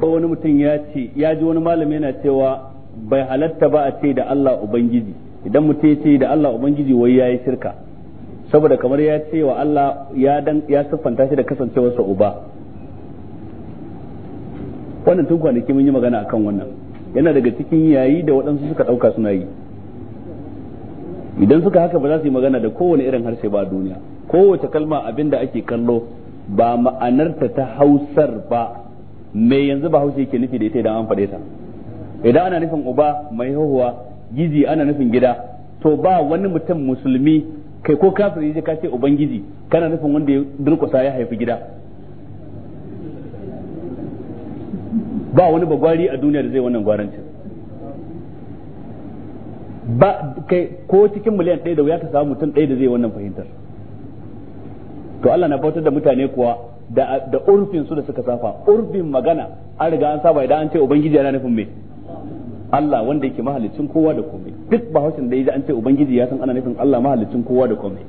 ko wani mutum ya ce ya ji wani malami yana cewa bai halatta ba a ce da Allah ubangiji idan mutum ya ce da Allah ubangiji wai yayi shirka saboda kamar ya ce wa Allah ya dan ya siffanta shi da kasancewarsa uba wannan tun kwanaki mun yi magana akan wannan yana daga cikin yayi da waɗansu suka ɗauka suna yi idan suka haka ba za su yi magana da kowane irin harshe ba duniya kowace kalma abin da ake kallo ba ma'anarta ta hausar ba me yanzu ba hausa yake nufi da ita idan an faɗe ta idan ana nufin uba mai haihuwa gizi ana nufin gida to ba wani mutum musulmi kai ko kafiri je ka ce ubangiji kana nufin wanda ya durkusa ya haifi gida ba wani bagwari a duniya da zai wannan gwarancin ba kai ko cikin miliyan ɗaya da wuya ka samu mutum ɗaya da zai wannan fahimtar to Allah na bautar da mutane kuwa da da urfin su da suka safa urfin magana an riga an saba idan an ce ubangiji yana nufin me Allah wanda yake mahalicin kowa da komai duk ba hausin da yaji an ce ubangiji ya san ana nufin Allah mahalicin kowa da komai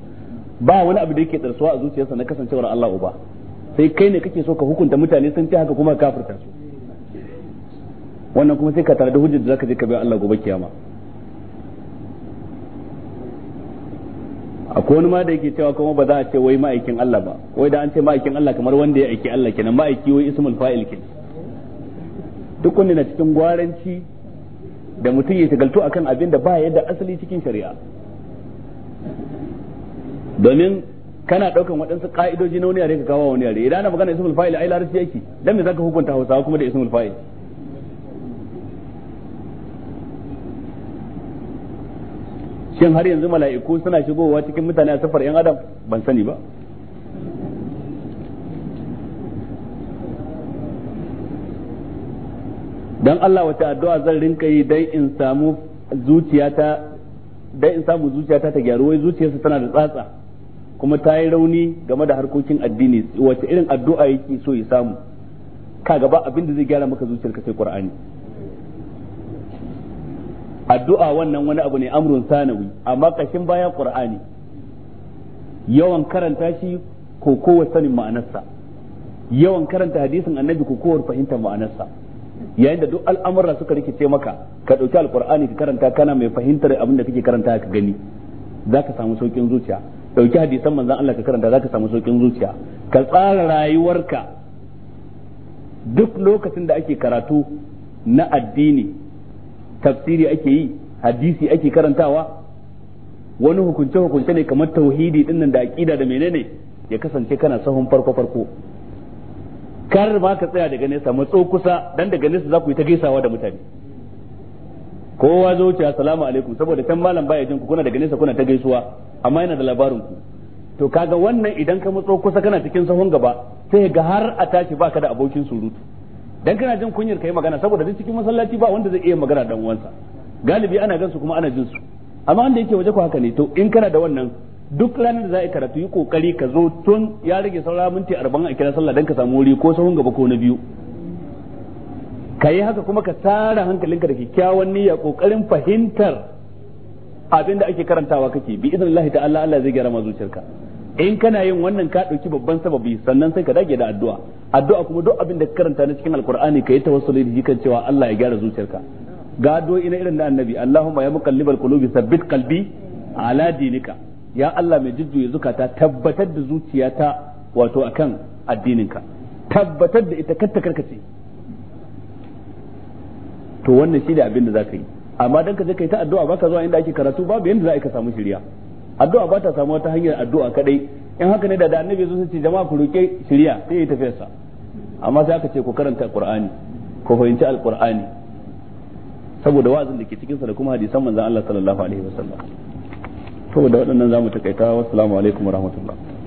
ba wani abu da yake tsarsuwa a zuciyarsa na kasancewar Allah uba sai kai ne kake so ka hukunta mutane sun ce haka kuma kafirta su wannan kuma sai ka tare da hujjar da zaka je ka bi Allah gobe kiyama ko wani ma da yake cewa kuma ba za a ce wai ma'aikin Allah ba wai da an ce ma'aikin Allah kamar wanda ya aiki Allah kenan ma'aiki wai ismul fa'il kenan duk wanda na cikin gwaranci da mutum ya shigaltu akan abin da ba ya da asali cikin shari'a domin kana daukan waɗansu ka'idoji na wani yare ka kawo wani yare idan ana magana ismul fa'il ai larabci yake dan me zaka hukunta Hausawa kuma da ismul fa'il shin har yanzu mala'iku suna shigowa cikin mutane a safar yan adam ban sani ba dan Allah wata addu'a zan rinka yi dan in samu zuciyata dan in samu zuciyata ta gyaru wai zuciyarsa tana da tsatsa kuma ta yi rauni game da harkokin addini wace irin addu'a yake so ya samu kaga ba abin da zai gyara maka zuciyarka sai Qur'ani addu'a wannan wani abu ne amrun sanawi amma kashin baya qur'ani yawan karanta shi ko kowa sanin ma'anarsa yawan karanta hadisin annabi ko kowar fahimtar ma'anarsa yayin da duk al'amura suka rikice maka ka dauki alqur'ani ka karanta kana mai fahimtar abin da kake karanta ka gani zaka samu saukin zuciya dauki hadisan manzon Allah ka karanta zaka samu saukin zuciya ka tsara rayuwarka duk lokacin da ake karatu na addini tafsiri ake yi hadisi ake karantawa wani hukunce hukunce ne kamar tauhidi dinnan da aqida da menene ya kasance kana sahun farko farko kar ma ka tsaya daga nesa matso kusa dan daga nesa za ku yi ta gaisawa da mutane kowa zo ce assalamu alaikum saboda can malam baya jin ku kuna daga nesa kuna ta gaisuwa amma yana da labarin ku to kaga wannan idan ka matso kusa kana cikin sahun gaba sai ga har a tashi baka da abokin surutu dan kana jin kunyar kai magana saboda duk cikin masallaci ba wanda zai iya magana dan uwansa galibi ana gansu kuma ana jin su amma wanda yake waje ku haka ne to in kana da wannan duk ranar da za a karatu yi kokari ka zo tun ya rage saura minti arba'in a kira sallah dan ka samu wuri ko sahun gaba ko na biyu ka yi haka kuma ka tara hankalinka da kyakkyawan niyya kokarin fahimtar abin da ake karantawa kake bi idan Allah ta'ala Allah zai gyara ma zuciyarka in kana yin wannan ka dauki babban sababi sannan sai ka dage da addu'a addu'a kuma duk abin da ka karanta na cikin alqur'ani ka yi tawassuli da kan cewa Allah ya gyara zuciyarka ga addu'o'i na irin da annabi Allahumma ya muqallibal qulubi sabbit qalbi ala dinika ya Allah mai jujjuya zukata tabbatar da zuciyata wato akan addininka tabbatar da ita kar ta karkace to wannan shi da abin da za ka yi amma dan ka je ka yi ta addu'a baka zuwa inda ake karatu babu yanda za ka samu shiriya addu'a ba ta samuwa ta hanyar addu'a kadai in haka ne da da annabi zo ce jama'a ku roke shiriya sai ya tafi sa amma sai aka ce ku karanta alqur'ani ku fahimci alqur'ani saboda wa'azin da ke cikin sa da kuma hadisan manzon Allah sallallahu alaihi wasallam saboda waɗannan zamu takaita wassalamu alaikum warahmatullahi